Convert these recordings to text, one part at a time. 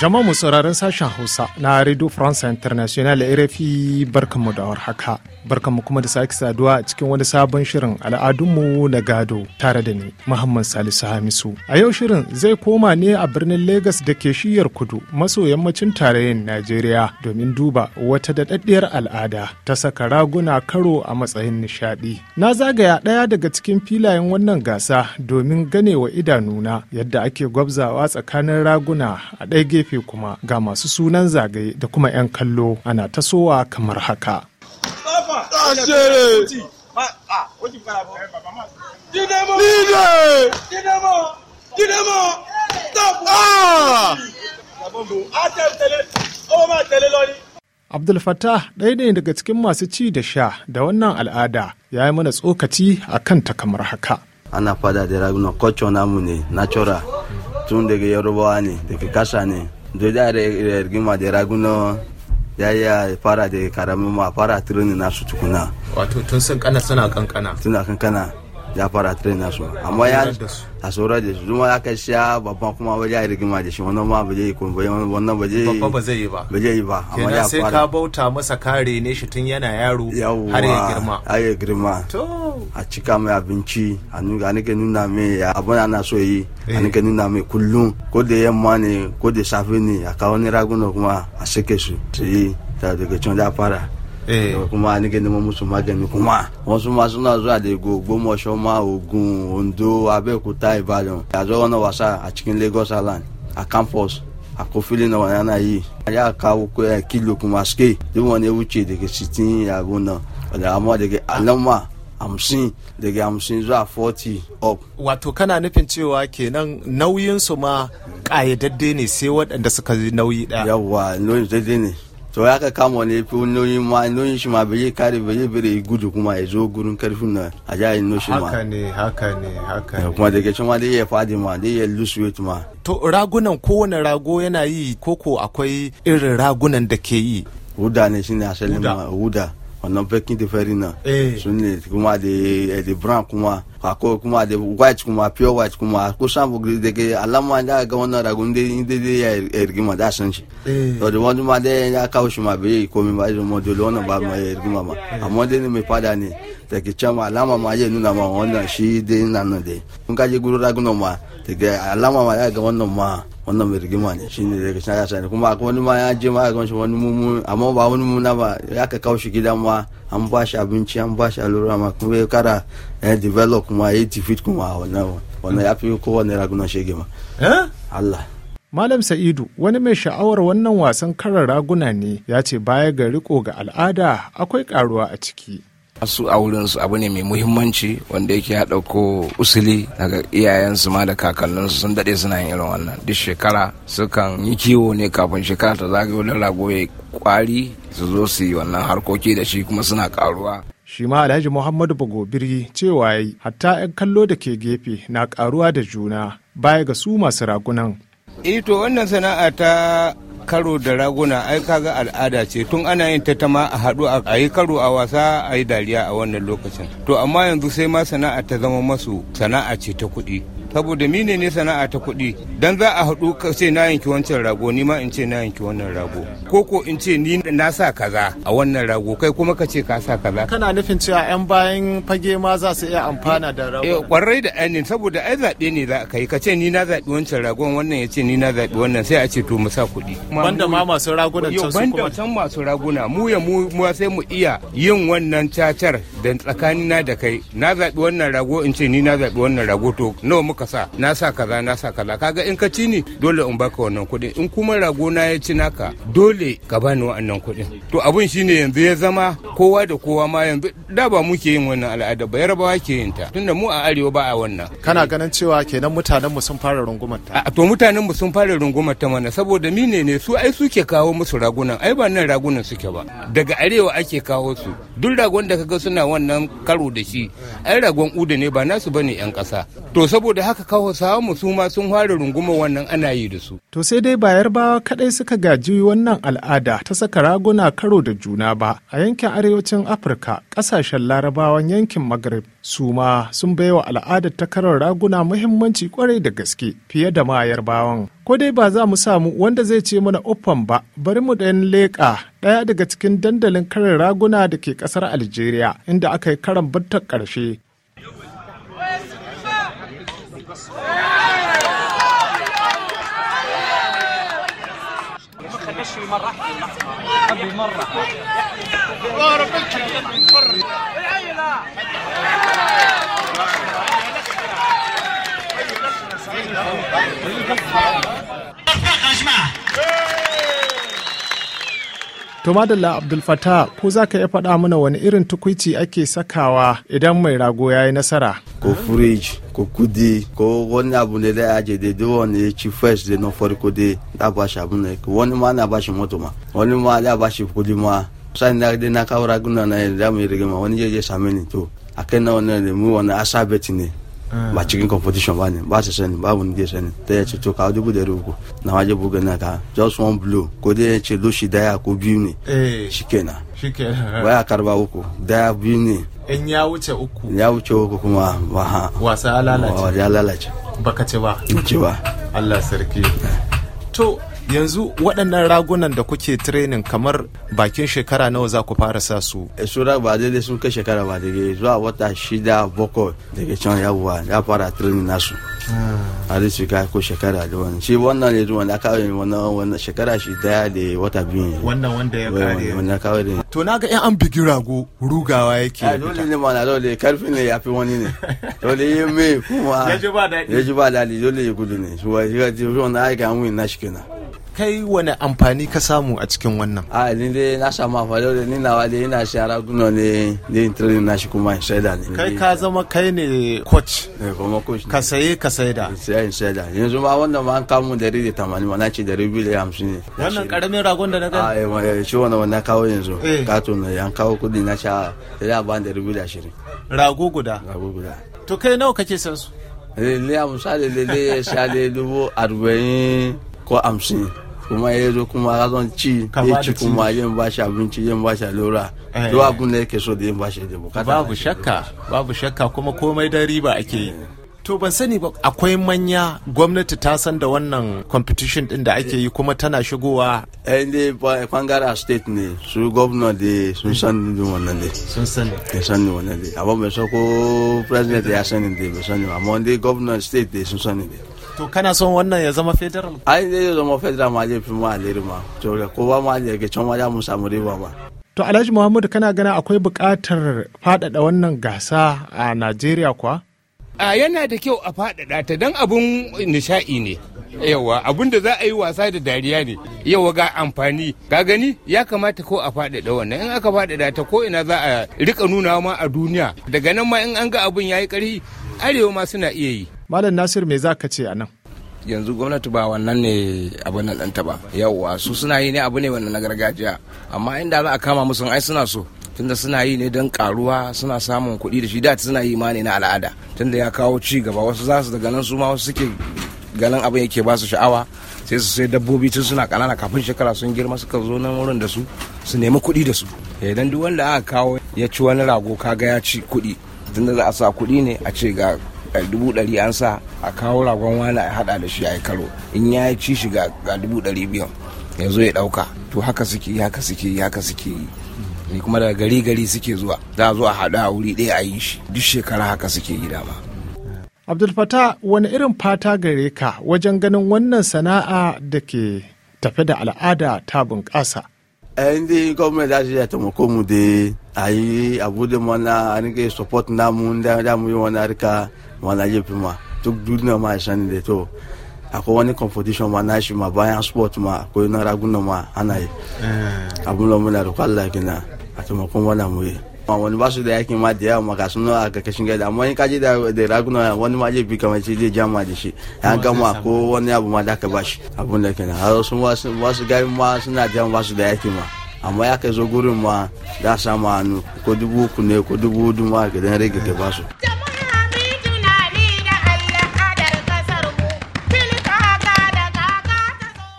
Jama'a mu sauraron sashen Hausa na Radio France International RFI barkanmu da warhaka. Barkanmu kuma da sake saduwa a cikin wani sabon shirin al'adun mu na gado tare da ni Muhammad Salisu Hamisu. A yau shirin zai koma ne a birnin Legas da ke shiyar kudu maso yammacin tarayyar Najeriya domin duba wata daɗaɗɗiyar al'ada ta saka raguna karo a matsayin nishaɗi. Na zagaya ɗaya daga cikin filayen wannan gasa domin ganewa idanuna yadda ake gwabzawa tsakanin raguna a ɗaya gefe kuma ga masu sunan zagaye da kuma 'yan kallo ana tasowa kamar haka. Abdul Fattah ɗaya ne daga cikin masu ci da sha da wannan al'ada ya yi mana tsokaci a kanta kamar haka. Ana fada da ragunan kocho namu ne, natural, tun daga Yarubawa ne, daga Kasa ne, da za a rigima da raguna ya yi fara da karamin ma fara turoni nasu tukuna wato tun sun kana suna kankana suna kankana ya fara train su amma ya a saura da su zuma ya kai sha babban kuma ba ya rigima da shi wannan ma ba zai kun bayan wannan ba zai babba ba zai yi ba ba zai yi ba amma ya fara sai ka bauta masa kare ne shi tun yana yaro har ya girma har ya girma to a cika mai abinci a nuna nake nuna mai abin ana so yi a eh. nake nuna mai kullum ko da yamma ne ko da safe ne a kawo ni raguna kuma a sake su su yi daga can da fara kuma nake mo musu magani kuma wasu ma suna zuwa da Ogbomoso ma Ogun Ondo Abẹ́òkúta Ìbàdàn yazo na wasa a cikin Lagos Island a campus a fili na wọn yana yi a ya kawo kilo kuma suke wọn ni wuce dege sitin yago nan wanda amma dege alamma hamsin dege hamsin zuwa forty up. Wato kana nufin cewa kenan nauyinsu ma ƙayyadadde ne sai waɗanda suka nauyi ɗaya. Yawwa nauyin daidai ne. to ya ka kama wani fi noyin ma noyin shi ma bai kare bai bere gudu kuma ya zo gurin karfin na a jayin nushi ma haka ne haka ne haka ne eh, kuma daga can ma dai ya fadi ma dai ya lose weight ma to ragunan kowane rago yana yi koko akwai irin ragunan da ke yi huda ne shine asalin ma huda wannan bakin da fari nan su ne kuma da da brown kuma ko kuma da white kuma pure white kuma ko sample gris da ke alama da ga wannan ragun da inda da ya rigima da san shi to da wani ma ya kawo shi ma bai komai ba irin model wannan ba ma ya rigima ba amma dai ne ni, fada ne da ke can alama ma ya nuna ma wannan shi dai nan nan dai kun kaje guru ragunan ma da alama ma da ga wannan ma wannan bai rigima ne shine da ga shaya ne kuma akwai wani ma ya je ma ga gamshi wani mumu amma ba wani na ba ya ka kawo shi gidan ma an ba shi abinci an ba shi alura ma kuma ya kara ya eh, develop kuma ya defeat kuma wannan wannan ya fi kowane ragunan shege ma eh? Allah Malam Sa'idu wani mai sha'awar wannan wasan karar raguna ne ya ce baya ga riko ga al'ada akwai karuwa a ciki. su a wurin su abu ne mai muhimmanci wanda yake ya dauko usuli daga iyayensu ma da kakanninsu sun dade suna yin irin wannan duk shekara sukan yi kiwo ne kafin shekara ta zagayo da rago ya kwari su zo su yi wannan harkoki da shi kuma suna karuwa shi ma alhaji muhammadu bagobiri cewa yi hatta 'yan kallo da ke gefe na karuwa da juna baya ga su masu ragunan ito eh to wannan sana'a ta karo da raguna ai kaga al'ada ce tun ana yin ta tama a haɗu a yi karo a wasa a yi dariya a wannan lokacin to amma yanzu sai ma sana'a ta zama masu sana'a ce ta kuɗi saboda mine ne sana'a ta kuɗi dan za a haɗu ka ce na yanki wancan rago ni ma in ce na yanki wannan rago ko ko in ce ni na sa kaza a wannan rago kai kuma ka ce ka sa kaza kana nufin cewa yan bayan fage ma za su iya amfana da rago eh kwarai da ainihin saboda ai zaɓe ne za ka yi ka ce ni na zaɓi wancan ragon wannan ya ce ni na zaɓi wannan sai a ce to mu sa kuɗi banda ma masu ragunan can su kuma banda can masu raguna mu ya mu sai mu iya yin wannan cacar tsakani tsakanina da kai na zaɓi wannan rago in ce ni na zaɓi wannan rago to nawa muka sa na sa kaza na sa kaza kaga in ka ci ni dole in baka wannan kuɗin in kuma rago na ya ci naka dole ka bani wannan kuɗin to abun shine yanzu ya zama kowa da kowa ma yanzu da ba muke yin wannan al'ada ba yarabawa ke yin ta tunda mu a arewa ba a wannan kana ganin cewa kenan mutanen mu sun fara rungumar ta to mutanen mu sun fara rungumar ta mana saboda mine ne su ai suke kawo musu ragunan ai ba nan ragunan suke ba daga arewa ake kawo su duk ragon da kaga suna wannan karo da shi ai ragon uda ne ba nasu bane yan ƙasa to saboda haka kawo samu su ma sun fara runguma wannan ana yi da su to sai dai ba yarbawa kadai suka gaji wannan al'ada ta saka raguna karo da juna ba a yankin arewacin afirka ƙasashen larabawan yankin magrib su ma sun baiwa al'adar ta karar raguna muhimmanci kwarai da gaske fiye da ma bawan ko dai ba za mu samu wanda zai ce mana uffan ba bari mu ɗayan leƙa ɗaya daga cikin dandalin karin raguna da ke ƙasar algeria inda aka yi karan bata ƙarshe To Madalla Abdul Fattah ko za ka iya faɗa mana wani irin tukwici ake sakawa idan mai rago ya yi nasara? Ko fridge, ko kudi, ko wani abu ne da aje da duk wani ya ci first da na farko da da ba shi abu ne. Wani ma na ba shi moto ma, wani ma da ba shi kudi ma sai na dai na kawo raguna na da mu yi rigima wani jeje je same ni to a kai na wani da mu wani asa ne ah. ba cikin competition ba ne ba su sani babu ni je sani ta ya ce to k'a dubu da rubu na waje buga na ka just one blow ko dai ya ce loshi daya ko biyu ne eh. shi kenan waya karba uku daya biyu ne in ya wuce uku ya wuce uku kuma ba wasa ya lalace ya lalace baka ce ba ce ba Allah sarki eh. to yanzu waɗannan ragunan da kuke training kamar bakin shekara nawa za ku fara sa su eh, sura ba daidai sun kai shekara ba daidai zuwa wata shida boko daga can yawa ya fara training nasu a ah. da ka ko shekara da wani shi wannan ne zuwa na kawai wannan shekara shi daya da wata biyu wannan wanda ya kare wannan kawai da to na ga yan an bigi rago rugawa yake ah, a dole ne ma na dole karfi ne ya fi wani ne dole yi mai kuma ya ji ba daɗi ya ji ba daɗi dole ya gudu ne shi wa shi wa na aika an wuyi na shi kenan kai wani amfani ka samu a cikin wannan a ni dai na samu amfani da ni nawa dai ina shara guno ne ne training na shi kuma shaida ne kai ka zama kai ne coach ne eh, kuma coach ka saye ka saida sai in shaida yanzu ma wannan ma an kamu 180 wannan ce 250 ne wannan karamin ragon da na ga a ah, eh, eh, shi wannan wannan kawo yanzu kato ne an kawo kudi na sha ya ba da 220 rago guda rago guda to kai nawa kake san su lele a misali lele ya sha dubu arba'in ko hamsin kuma ya zo kuma kakan ci ya ci kuma yin shi abinci yin shi lura eh. duk abin da yake so da yin shi da bukata babu shakka babu shakka kuma komai da riba ake yi to ban sani ba akwai manya gwamnati ta san da wannan competition din da ake yi kuma tana shigowa eh ne bangare a state ne su governor da sun san din wannan ne sun san ne san ne wannan ne amma bai so ko president ya san ne bai sani amma wanda governor state da sun sani ne to kana son wannan ya zama federal ai zai zama federal ma zai fi ma alheri ma to kowa ma daga can ma za mu samu riba ma to alhaji muhammadu kana gana akwai buƙatar faɗaɗa wannan gasa a najeriya kuwa a yana da kyau a faɗaɗa ta don abun nishaɗi ne yawa abun da za a yi wasa da dariya ne yawa ga amfani ga gani ya kamata ko a faɗaɗa wannan in aka faɗaɗa ta ko ina za a rika nuna ma a duniya daga nan ma in an ga abun ya yi ƙarfi arewa ma suna iya yi malam nasir me za ka ce a nan yanzu gwamnati ba wannan ne abin nan ɗanta ba yawwa su suna yi ne abu ne wannan na gargajiya amma inda za a kama musu ai suna so tunda suna yi ne don karuwa suna samun kuɗi da shi da suna yi ma ne na al'ada tunda ya kawo ci gaba wasu za su daga nan su ma wasu suke ganin abin yake ba su sha'awa sai su sai dabbobi tun suna kanana kafin shekara sun girma suka zo nan wurin da su su nemi kuɗi da su idan eh, duk wanda aka kawo ya ci wani rago kaga ya ci kuɗi tunda za a sa kuɗi ne a ce ga dubu ɗari an sa a kawo ragon wani a hada da shi a karo in ya ci shiga ga dubu ɗari biyan ya ya ɗauka to haka suke haka suke haka suke yi ne kuma daga gari gari suke zuwa za a zo a haɗu a wuri ɗaya a yi shi duk shekara haka suke yi dama. abdul fata wani irin fata gare ka wajen ganin wannan sana'a da ke tafe da al'ada ta bunƙasa. ndị gọọmenti tɔmɔ ko mu de anyị abude mana anike sɔpɔt namu ndị ndị amụghị wana arika mana yepi ma tuk du na ma shan de to akwai wani competition ma na shi ma bayan sport ma akwai na raguna ma ana yi eh. abun lomu na rukwalla gina a tɔmɔ ko mu yi wani ba su da yakin ma da yawa maka suna a kakashin gada amma in kaji da raguna wani ma je bi kamar shi zai jama da shi an gama ko wani abu ma da ka ba shi abun da kenan har sun ba su gari ma suna da ba su da yakin ma amma ya kai zo gurin ma da sama hannu ko dubu uku ne ko dubu hudu ma ga dan rage ka ba su.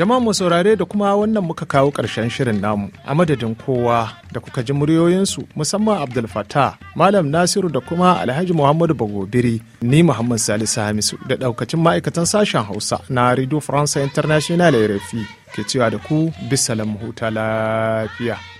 Jama'a mu saurare da kuma wannan muka kawo ƙarshen shirin namu a madadin kowa da kuka ji muryoyinsu musamman Abdul Fattah, Malam Nasiru da kuma Alhaji Muhammadu Bagobiri, ni Muhammad Salisu Hamisu da ɗaukacin ma'aikatan sashen Hausa na Radio France International RFI ke cewa da ku bisa huta lafiya.